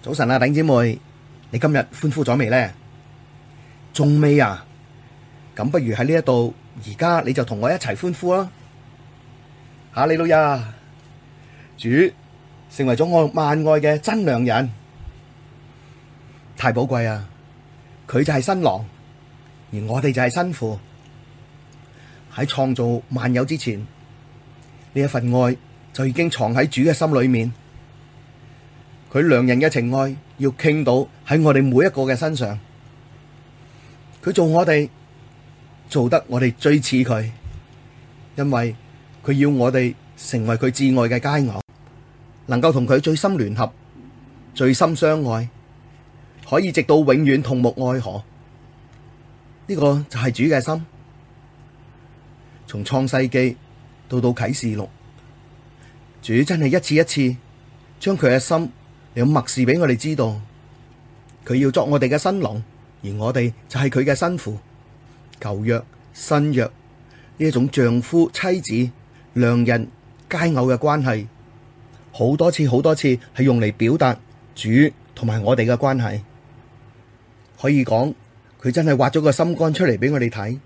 早晨啊，頂姐妹，你今日歡呼咗未呢？仲未啊！咁不如喺呢一度，而家你就同我一齊歡呼啦！哈利路亞，主成為咗我萬愛嘅真良人，太寶貴啊！佢就係新郎，而我哋就係新婦。喺創造萬有之前，呢一份愛就已經藏喺主嘅心裏面。佢良人嘅情愛要傾倒喺我哋每一個嘅身上，佢做我哋做得我哋最似佢，因為佢要我哋成為佢至愛嘅佳偶，能夠同佢最深聯合、最深相愛，可以直到永遠同沐愛河。呢個就係主嘅心，從創世記到到啟示錄，主真係一次一次將佢嘅心。有默示俾我哋知道，佢要作我哋嘅新郎，而我哋就係佢嘅新婦。舊約、新約呢一種丈夫、妻子、良人、佳偶嘅關係，好多次、好多次係用嚟表達主同埋我哋嘅關係。可以講，佢真係挖咗個心肝出嚟俾我哋睇，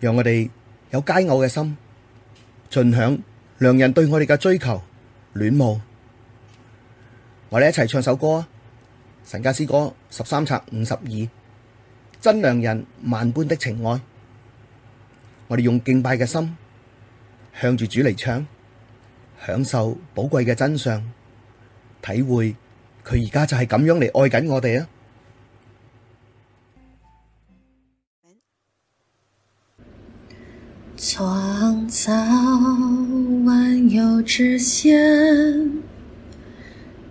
讓我哋有佳偶嘅心，盡享良人對我哋嘅追求、戀慕。我哋一齊唱首歌啊！神家詩歌十三冊五十二，真良人萬般的情愛，我哋用敬拜嘅心向住主嚟唱，享受寶貴嘅真相，體會佢而家就係咁樣嚟愛緊我哋啊！創造萬有之先。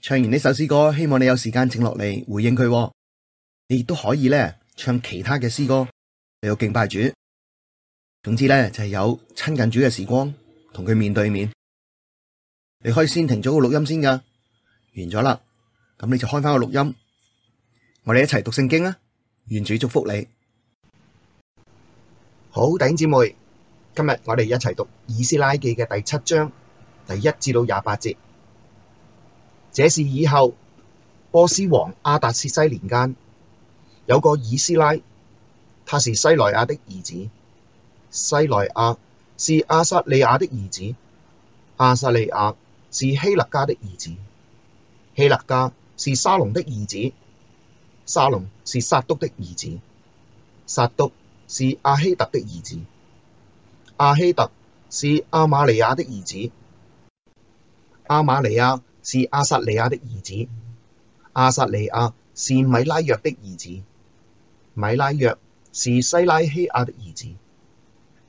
唱完呢首詩歌，希望你有時間靜落嚟回應佢。你亦都可以咧唱其他嘅詩歌，你到敬拜主。總之咧就係有親近主嘅時光，同佢面對面。你可以先停咗個錄音先噶，完咗啦，咁你就開翻個錄音，我哋一齊讀聖經啊！願主祝福你。好，弟兄姊妹。今日我哋一齊讀《以斯拉記》嘅第七章第一至到廿八節。這事以後，波斯王亞達薛西年間，有個以斯拉，他是西萊雅的兒子，西萊雅是亞撒利雅的兒子，亞撒利雅是希勒家的兒子，希勒家是沙龍的兒子，沙龍是撒督的兒子，撒督是，是亞希突的兒子。亞希突是亞瑪利雅的兒子，亞瑪利雅是亞撒利雅的兒子，亞撒利雅是米拉約的兒子，米拉約是西拉希雅的兒子，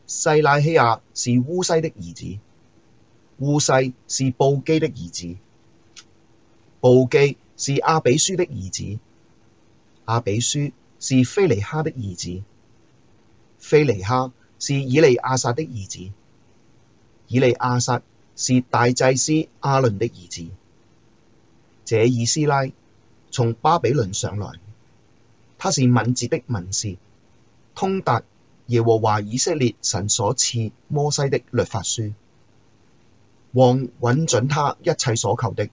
西拉希雅是烏西的兒子，烏西是布基的兒子，布基是亞比書的兒子，亞比書是非尼哈的兒子，非尼哈。是以利亞撒的兒子，以利亞撒是大祭司亞倫的兒子。這以斯拉從巴比倫上來，他是敏捷的文士，通達耶和華以色列神所賜摩西的律法書，王允准他一切所求的，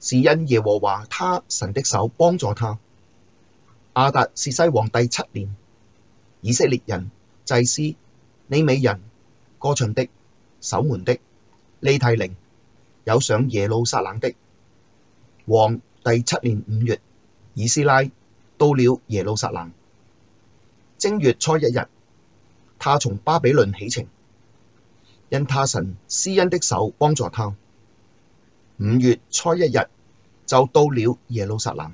是因耶和華他神的手幫助他。亞達薛西王第七年，以色列人。祭司、利未人、歌唱的、守門的、尼提寧，有上耶路撒冷的。王第七年五月，以斯拉到了耶路撒冷。正月初一日，他從巴比倫起程，因他神施恩的手幫助他。五月初一日就到了耶路撒冷。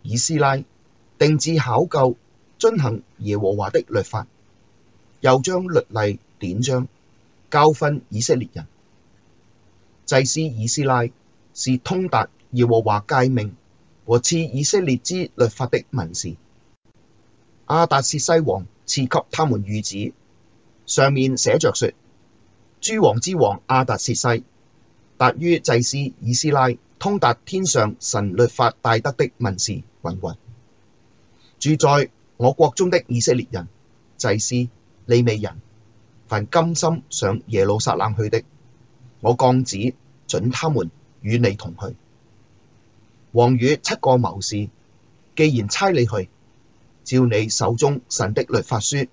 以斯拉定志考究。遵行耶和華的律法，又將律例典章教訓以色列人。祭司以斯拉是通達耶和華誡命和賜以色列之律法的文士。亞達薛西王賜給他們諭旨，上面寫着說：諸王之王亞達薛西，達於祭司以斯拉，通達天上神律法大德的文士，云云，住在。我國中的以色列人、祭司、利未人，凡甘心上耶路撒冷去的，我降旨准他們與你同去。王與七個謀士，既然差你去，照你手中神的律法書，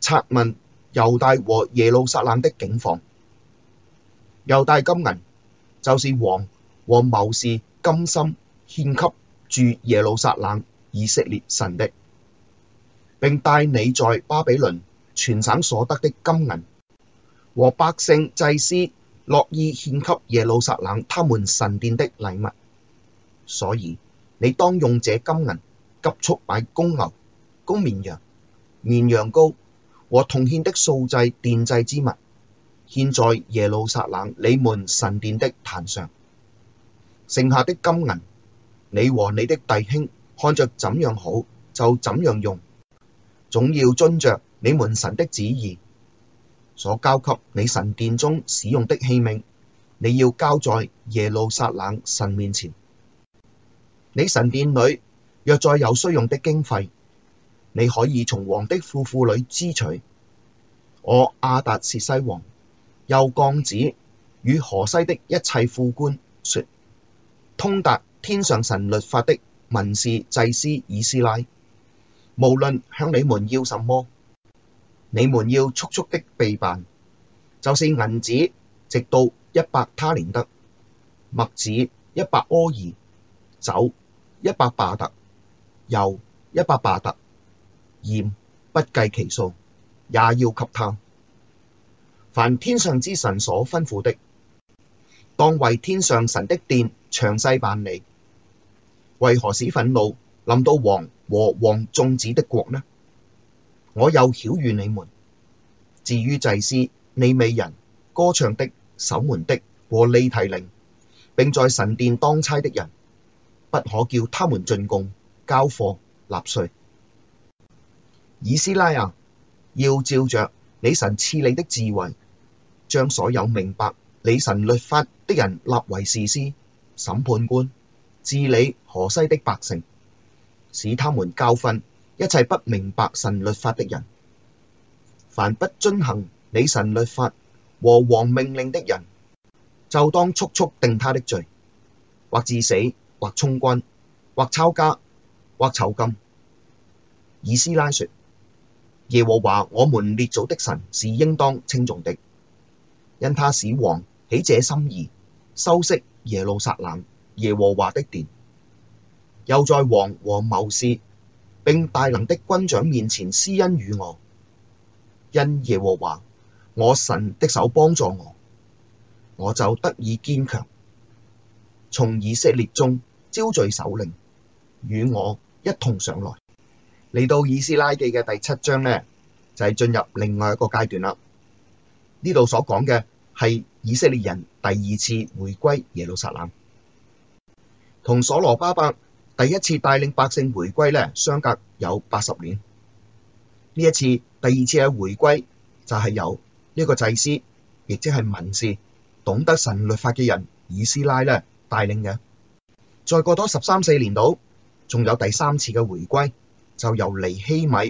察問猶大和耶路撒冷的景況。又帶金銀，就是王和謀士甘心獻給住耶路撒冷、以色列神的。並帶你在巴比倫全省所得的金銀，和百姓、祭司樂意獻給耶路撒冷他們神殿的禮物，所以你當用這金銀，急速買公牛、公綿羊、綿羊羔，和同獻的素祭、奠祭之物，獻在耶路撒冷你們神殿的壇上。剩下的金銀，你和你的弟兄看着怎樣好，就怎樣用。總要遵着你們神的旨意。所交給你神殿中使用的器皿，你要交在耶路撒冷神面前。你神殿裡若再有需用的經費，你可以從王的府庫裡支取。我亞達薛西王又降旨與河西的一切庫官說：通達天上神律法的文士祭司以斯拉。無論向你們要什麼，你們要速速的備辦，就是銀子，直到一百他連得，麥子，一百柯珥；酒，一百罷特；油，一百罷特；鹽，不計其數，也要給他。凡天上之神所吩咐的，當為天上神的殿詳細辦理。為何使忿怒，臨到王和王眾子的國呢？我又曉諭你們：至於祭司、利未人、歌唱的、守門的和尼提寧，並在神殿當差的人，不可叫他們進貢、交課、納稅。以斯拉啊，要照着你神賜你的智慧，將所有明白你神律法的人立為士師、審判官，治理河西的百姓。使他們教訓一切不明白神律法的人。凡不遵行你神律法和王命令的人，就當速速定他的罪，或治死，或充軍，或抄家，或囚禁。以斯拉說，耶和華我們列祖的神是應當稱頌的，因他使王起這心意，修飾耶路撒冷耶和華的殿。又在王和謀士，並大能的軍長面前施恩於我，因耶和華我神的手幫助我，我就得以堅強，從以色列中招聚首領與我一同上來。嚟到以斯拉記嘅第七章呢，就係、是、進入另外一個階段啦。呢度所講嘅係以色列人第二次回歸耶路撒冷，同所羅巴伯。第一次帶領百姓回歸咧，相隔有八十年。呢一次第二次嘅回歸就係由呢個祭司，亦即係文士、懂得神律法嘅人以斯拉咧帶領嘅。再過多十三四年度，仲有第三次嘅回歸，就由尼希米、這個、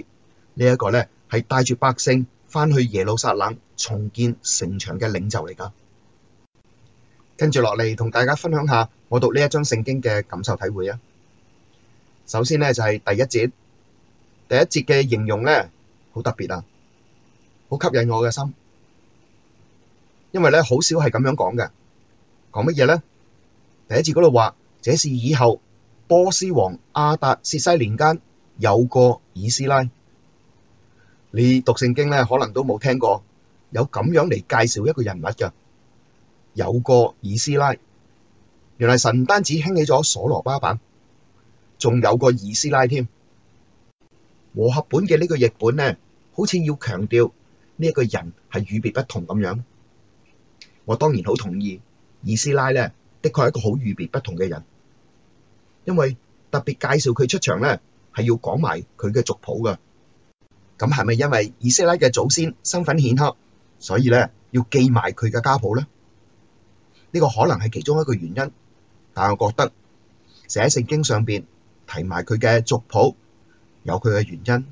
呢一個咧係帶住百姓返去耶路撒冷重建城牆嘅領袖嚟噶。跟住落嚟同大家分享下我讀呢一章聖經嘅感受體會啊！首先呢，就係第一節，第一節嘅形容呢，好特別啊，好吸引我嘅心，因為呢，好少係咁樣講嘅，講乜嘢呢？第一節嗰度話，這事以後，波斯王亞達薛西年間有個以斯拉，你讀聖經呢，可能都冇聽過，有咁樣嚟介紹一個人物嘅，有個以斯拉，原來神唔單止興起咗所羅巴伯。仲有個以斯拉添，和合本嘅呢個譯本咧，好似要強調呢一個人係與別不同咁樣。我當然好同意，以斯拉咧的確係一個好與別不同嘅人，因為特別介紹佢出場咧，係要講埋佢嘅族譜㗎。咁係咪因為以斯拉嘅祖先身份顯赫，所以咧要記埋佢嘅家譜咧？呢個可能係其中一個原因，但係我覺得寫聖經上邊，提埋佢嘅族譜，有佢嘅原因，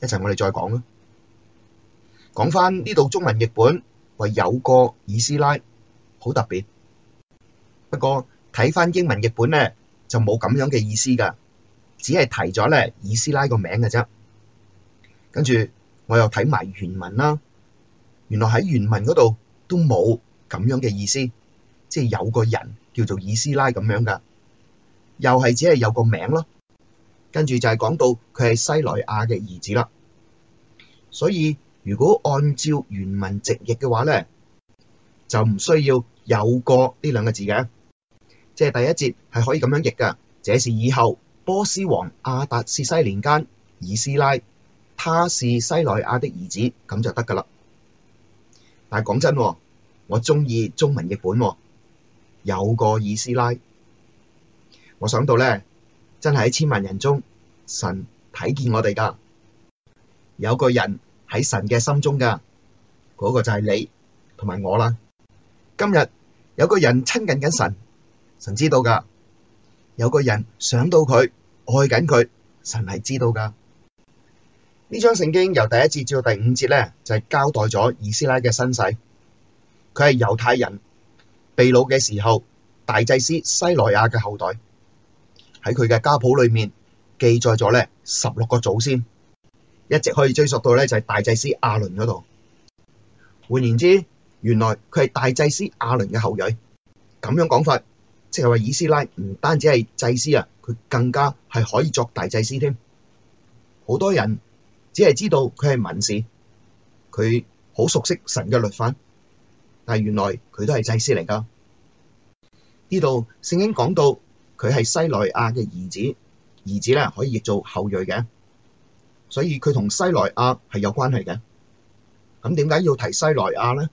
一陣我哋再講啦。講翻呢度中文譯本，話有個以斯拉，好特別。不過睇翻英文譯本咧，就冇咁樣嘅意思㗎，只係提咗咧以斯拉個名㗎啫。跟住我又睇埋原文啦，原來喺原文嗰度都冇咁樣嘅意思，即係有個人叫做以斯拉咁樣㗎。又係只係有個名咯，跟住就係講到佢係西萊雅嘅兒子啦。所以如果按照原文直譯嘅話咧，就唔需要有個呢兩個字嘅，即係第一節係可以咁樣譯嘅。這事以後，波斯王亞達薛西年間，以斯拉他是西萊雅的兒子，咁就得㗎啦。但係講真，我中意中文譯本，有個以斯拉。我想到咧，真係喺千萬人中，神睇見我哋噶，有個人喺神嘅心中噶，嗰個就係你同埋我啦。今日有個人親近緊神，神知道噶，有個人想到佢愛緊佢，神係知道噶。呢章聖經由第一節至到第五節咧，就係交代咗以斯拉嘅身世，佢係猶太人，被擄嘅時候大祭司西萊雅嘅後代。喺佢嘅家譜裏面記載咗咧十六個祖先，一直可以追溯到咧就係大祭司亞倫嗰度。換言之，原來佢係大祭司亞倫嘅後裔。咁樣講法，即係話以斯拉唔單止係祭司啊，佢更加係可以作大祭司添。好多人只係知道佢係文士，佢好熟悉神嘅律法，但係原來佢都係祭司嚟噶。呢度聖經講到。佢係西萊雅嘅兒子，兒子咧可以做後裔嘅，所以佢同西萊雅係有關係嘅。咁點解要提西萊雅咧？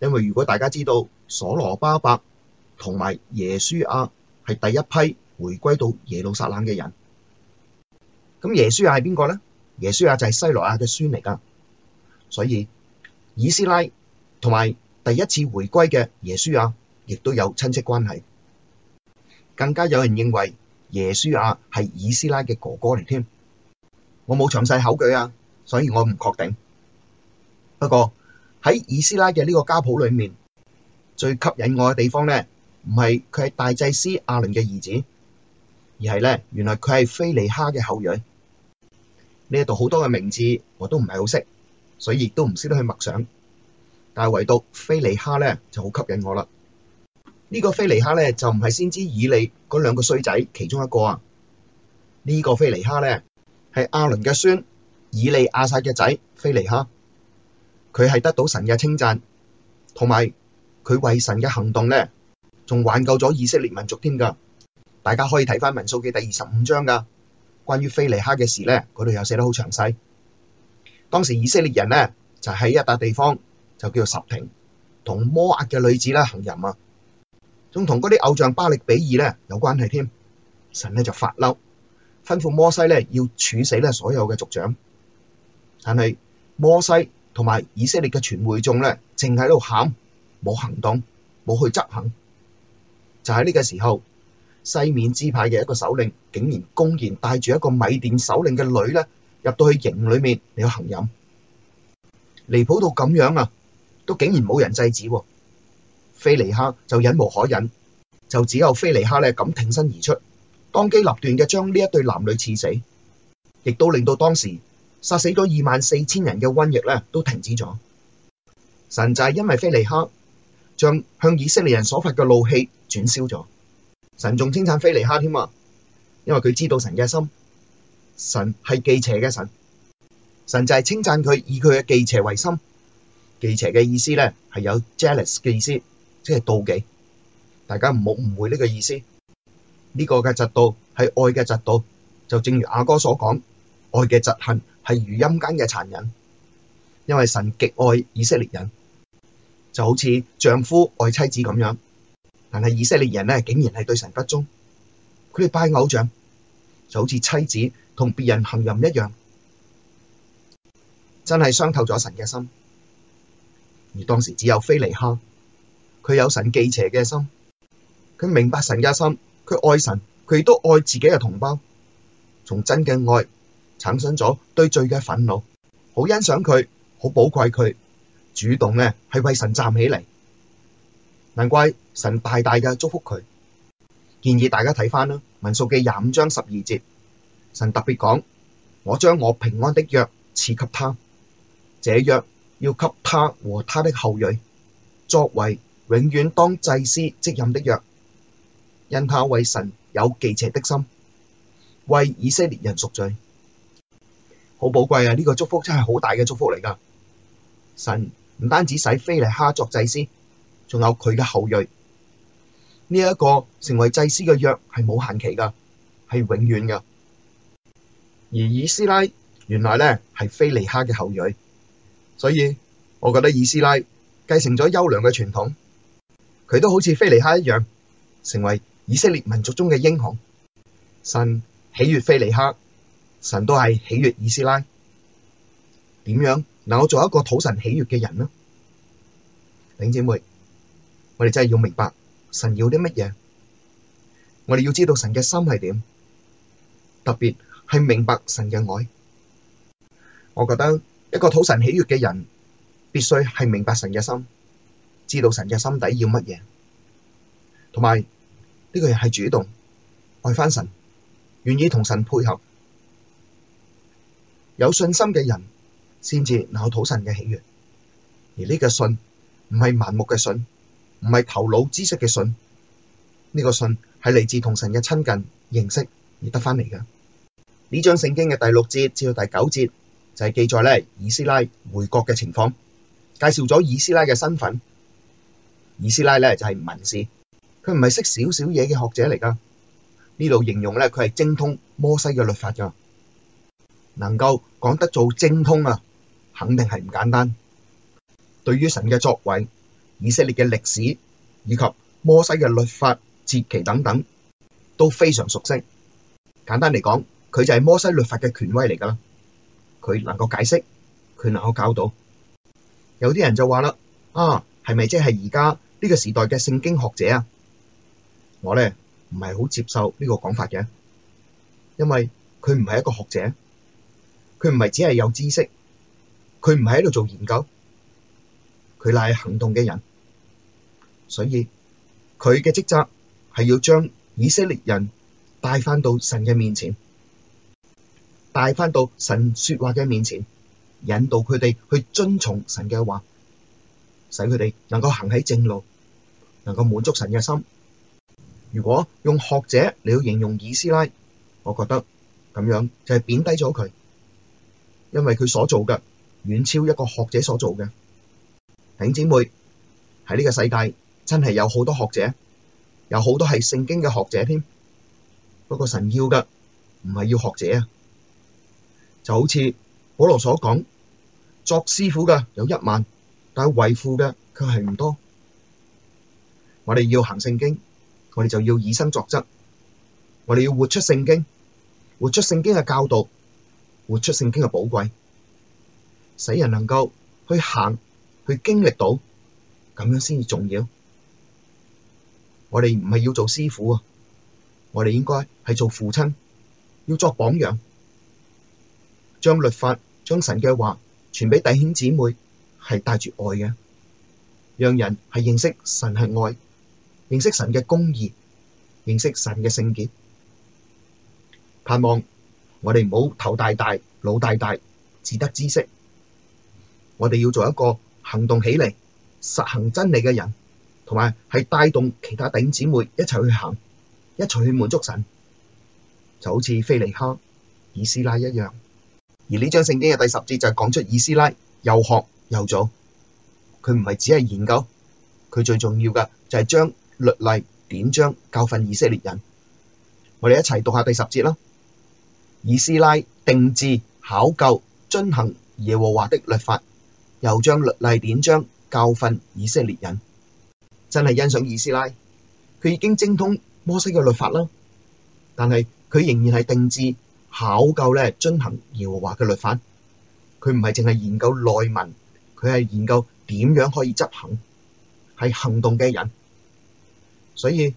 因為如果大家知道所羅巴伯同埋耶穌亞係第一批回歸到耶路撒冷嘅人，咁耶穌亞係邊個咧？耶穌亞就係西萊雅嘅孫嚟噶，所以以斯拉同埋第一次回歸嘅耶穌亞亦都有親戚關係。更加有人認為耶穌亞係以斯拉嘅哥哥嚟添，我冇詳細考據啊，所以我唔確定。不過喺以斯拉嘅呢個家譜裏面，最吸引我嘅地方咧，唔係佢係大祭司亞倫嘅兒子，而係咧原來佢係非尼哈嘅後裔。呢度好多嘅名字我都唔係好識，所以亦都唔識得去默想，但係唯獨非尼哈咧就好吸引我啦。呢個非尼哈咧就唔係先知以利嗰兩個衰仔其中一個啊。呢、這個非尼哈咧係阿倫嘅孫以利亞撒嘅仔非尼哈，佢係得到神嘅稱讚，同埋佢為神嘅行動咧，仲挽救咗以色列民族添噶。大家可以睇翻民數記第二十五章噶關於非尼哈嘅事咧，嗰度又寫得好詳細。當時以色列人咧就喺、是、一笪地方就叫做十亭，同摩押嘅女子啦行淫啊。仲同嗰啲偶像巴力比爾咧有關係添，神咧就發嬲，吩咐摩西咧要處死咧所有嘅族長，但係摩西同埋以色列嘅全會眾咧，淨喺度喊，冇行動，冇去執行。就喺呢個時候，西面支派嘅一個首領竟然公然帶住一個米甸首領嘅女咧入到去營裏面，嚟行淫，離譜到咁樣啊，都竟然冇人制止。菲尼克就忍無可忍，就只有菲尼克咧咁挺身而出，當機立斷嘅將呢一對男女刺死，亦都令到當時殺死咗二萬四千人嘅瘟疫咧都停止咗。神就係因為菲尼克將向以色列人所發嘅怒氣轉消咗，神仲稱讚菲尼克添啊，因為佢知道神嘅心，神係記邪嘅神，神就係稱讚佢以佢嘅記邪為心，記邪嘅意思咧係有 jealous 嘅意思。即係妒忌，大家唔好誤會呢個意思。呢、這個嘅嫉妒係愛嘅嫉妒，就正如阿哥所講，愛嘅嫉恨係如陰間嘅殘忍。因為神極愛以色列人，就好似丈夫愛妻子咁樣。但係以色列人咧，竟然係對神不忠，佢哋拜偶像，就好似妻子同別人行淫一樣，真係傷透咗神嘅心。而當時只有非尼哈。佢有神忌邪嘅心，佢明白神嘅心，佢愛神，佢亦都愛自己嘅同胞。從真嘅愛產生咗對罪嘅憤怒，好欣賞佢，好寶貴佢，主動呢，係為神站起嚟。難怪神大大嘅祝福佢。建議大家睇翻啦，《民數記》廿五章十二節，神特別講：我將我平安的約賜給他，這約要給他和他的後裔作為。永遠當祭司職任的約，因他為神有忌邪的心，為以色列人贖罪。好寶貴啊！呢、這個祝福真係好大嘅祝福嚟噶。神唔單止使非尼哈作祭司，仲有佢嘅後裔。呢、這、一個成為祭司嘅約係冇限期噶，係永遠嘅。而以斯拉原來咧係非尼哈嘅後裔，所以我覺得以斯拉繼承咗優良嘅傳統。佢都好似非尼哈一樣，成為以色列民族中嘅英雄。神喜悅非尼哈，神都係喜悅以斯拉。點樣？嗱，我做一個討神喜悅嘅人啦，弟兄姊妹，我哋真係要明白神要啲乜嘢，我哋要知道神嘅心係點，特別係明白神嘅愛。我覺得一個討神喜悅嘅人，必須係明白神嘅心。知道神嘅心底要乜嘢，同埋呢個人係主動愛翻神，願意同神配合，有信心嘅人先至能夠討神嘅喜悅。而呢個信唔係盲目嘅信，唔係頭腦知識嘅信，呢、這個信係嚟自同神嘅親近認識而得翻嚟㗎。呢章聖經嘅第六節至到第九節就係、是、記載咧以斯拉回國嘅情況，介紹咗以斯拉嘅身份。以斯拉呢就係文士，佢唔係識少少嘢嘅學者嚟㗎，呢度形容呢，佢係精通摩西嘅律法㗎。呢個時代嘅聖經學者啊，我咧唔係好接受呢個講法嘅，因為佢唔係一個學者，佢唔係只係有知識，佢唔係喺度做研究，佢乃係行動嘅人，所以佢嘅職責係要將以色列人帶返到神嘅面前，帶返到神説話嘅面前，引導佢哋去遵從神嘅話。使佢哋能夠行喺正路，能夠滿足神嘅心。如果用學者嚟去形容以斯拉，我覺得咁樣就係貶低咗佢，因為佢所做嘅遠超一個學者所做嘅。弟兄姊妹，喺呢個世界真係有好多學者，有好多係聖經嘅學者添。不過神要嘅唔係要學者啊，就好似保羅所講，作師傅嘅有一萬。但係維護嘅卻係唔多，我哋要行聖經，我哋就要以身作則，我哋要活出聖經，活出聖經嘅教導，活出聖經嘅寶貴，使人能夠去行去經歷到，咁樣先至重要。我哋唔係要做師傅啊，我哋應該係做父親，要作榜樣，將律法將神嘅話傳俾弟兄姊妹。係帶住愛嘅，讓人係認識神係愛，認識神嘅公義，認識神嘅聖潔。盼望我哋唔好頭大大，腦大大，只得知識。我哋要做一個行動起嚟、實行真理嘅人，同埋係帶動其他弟兄姊妹一齊去行，一齊去滿足神，就好似非尼哈、以斯拉一樣。而呢章聖經嘅第十節就係講出以斯拉遊學。又做，佢唔係只係研究，佢最重要嘅就係將律例典章教訓以色列人。我哋一齊讀下第十節啦。以斯拉定志考究，遵行耶和華的律法，又將律例典章教訓以色列人。真係欣賞以斯拉，佢已經精通摩西嘅律法啦。但係佢仍然係定志考究咧，遵行耶和華嘅律法。佢唔係淨係研究內文。佢係研究點樣可以執行，係行動嘅人，所以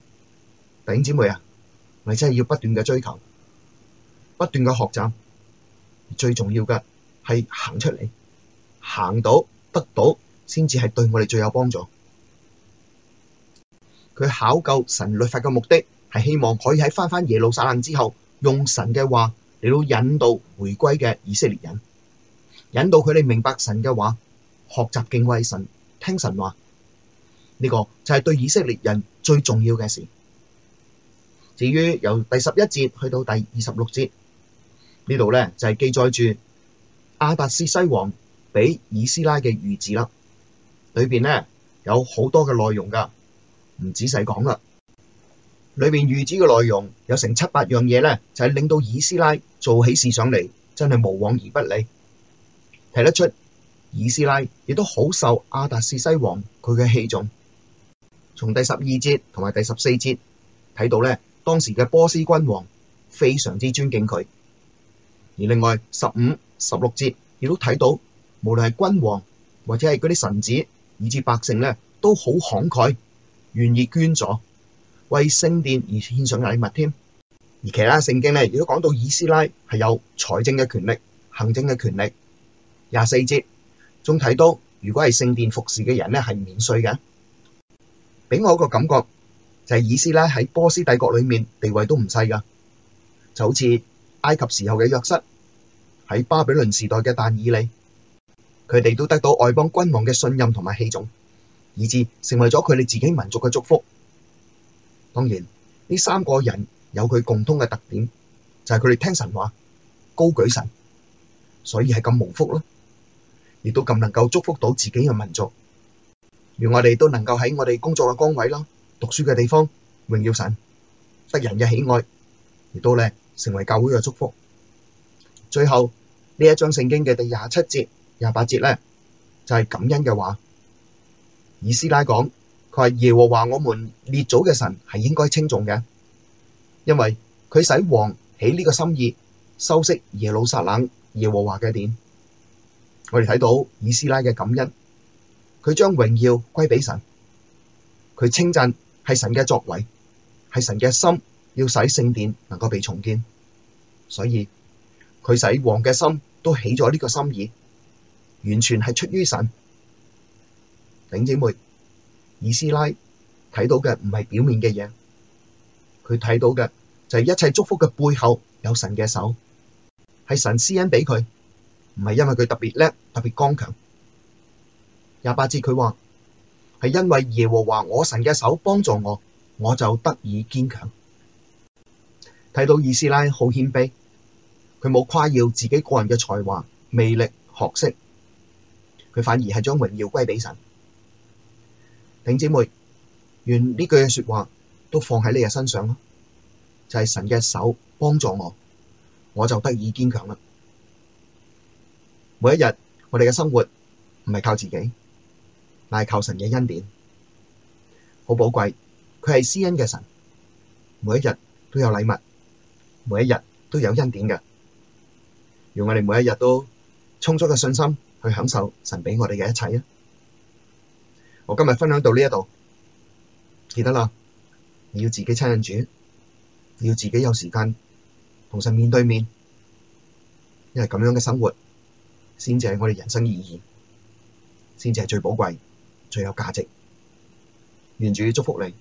弟兄姊妹啊，我哋真係要不斷嘅追求，不斷嘅學習，最重要嘅係行出嚟，行到得到，先至係對我哋最有幫助。佢考究神律法嘅目的，係希望可以喺翻翻耶路撒冷之後，用神嘅話嚟到引導回歸嘅以色列人，引導佢哋明白神嘅話。學習敬畏神，聽神話，呢、這個就係對以色列人最重要嘅事。至於由第十一節去到第二十六節呢度咧，就係、是、記載住亞達薛西王俾以斯拉嘅諭旨啦。裏邊咧有好多嘅內容噶，唔仔細講啦。裏邊諭旨嘅內容有成七八樣嘢咧，就係、是、令到以斯拉做起事上嚟，真係無往而不利，睇得出。以斯拉亦都好受亞達薛西王佢嘅器重，從第十二節同埋第十四節睇到咧，當時嘅波斯君王非常之尊敬佢。而另外十五、十六節亦都睇到，無論係君王或者係嗰啲臣子，以至百姓咧，都好慷慨，願意捐咗為聖殿而獻上禮物添。而其他聖經咧，亦都講到以斯拉係有財政嘅權力、行政嘅權力。廿四節。仲睇到，如果係聖殿服侍嘅人咧，係免稅嘅。畀我個感覺就係以斯拉喺波斯帝國裏面地位都唔細噶，就好似埃及時候嘅約瑟、喺巴比倫時代嘅但以理，佢哋都得到外邦君王嘅信任同埋器重，以至成為咗佢哋自己民族嘅祝福。當然，呢三個人有佢共通嘅特點，就係佢哋聽神話、高舉神，所以係咁無福啦。亦都咁能夠祝福到自己嘅民族，願我哋都能夠喺我哋工作嘅崗位咯、讀書嘅地方，榮耀神，得人嘅喜愛，亦都咧成為教會嘅祝福。最後呢一章聖經嘅第廿七節、廿八節呢，就係、是、感恩嘅話，以斯拉講佢係，耶和華我們列祖嘅神係應該稱頌嘅，因為佢使王起呢個心意，修飾耶路撒冷耶和華嘅殿。我哋睇到以斯拉嘅感恩，佢將榮耀歸俾神，佢稱讚係神嘅作為，係神嘅心要使聖殿能夠被重建，所以佢使王嘅心都起咗呢個心意，完全係出於神。頂姊妹，以斯拉睇到嘅唔係表面嘅嘢，佢睇到嘅就係一切祝福嘅背後有神嘅手，係神施恩俾佢。唔係因為佢特別叻、特別剛強。廿八節佢話係因為耶和華我神嘅手幫助我，我就得以堅強。睇到以斯拉好謙卑，佢冇誇耀自己個人嘅才華、魅力、學識，佢反而係將榮耀歸畀神。頂姐妹，願呢句嘅說話都放喺你嘅身上啦，就係神嘅手幫助我，我就得以堅強啦。每一日，我哋嘅生活唔係靠自己，但係靠神嘅恩典，好寶貴。佢係施恩嘅神，每一日都有禮物，每一日都有恩典嘅。讓我哋每一日都充足嘅信心去享受神畀我哋嘅一切啊！我今日分享到呢一度，記得啦，你要自己親近主，要自己有時間同神面對面，因為咁樣嘅生活。先至係我哋人生意義，先至係最寶貴、最有價值。願主祝福你。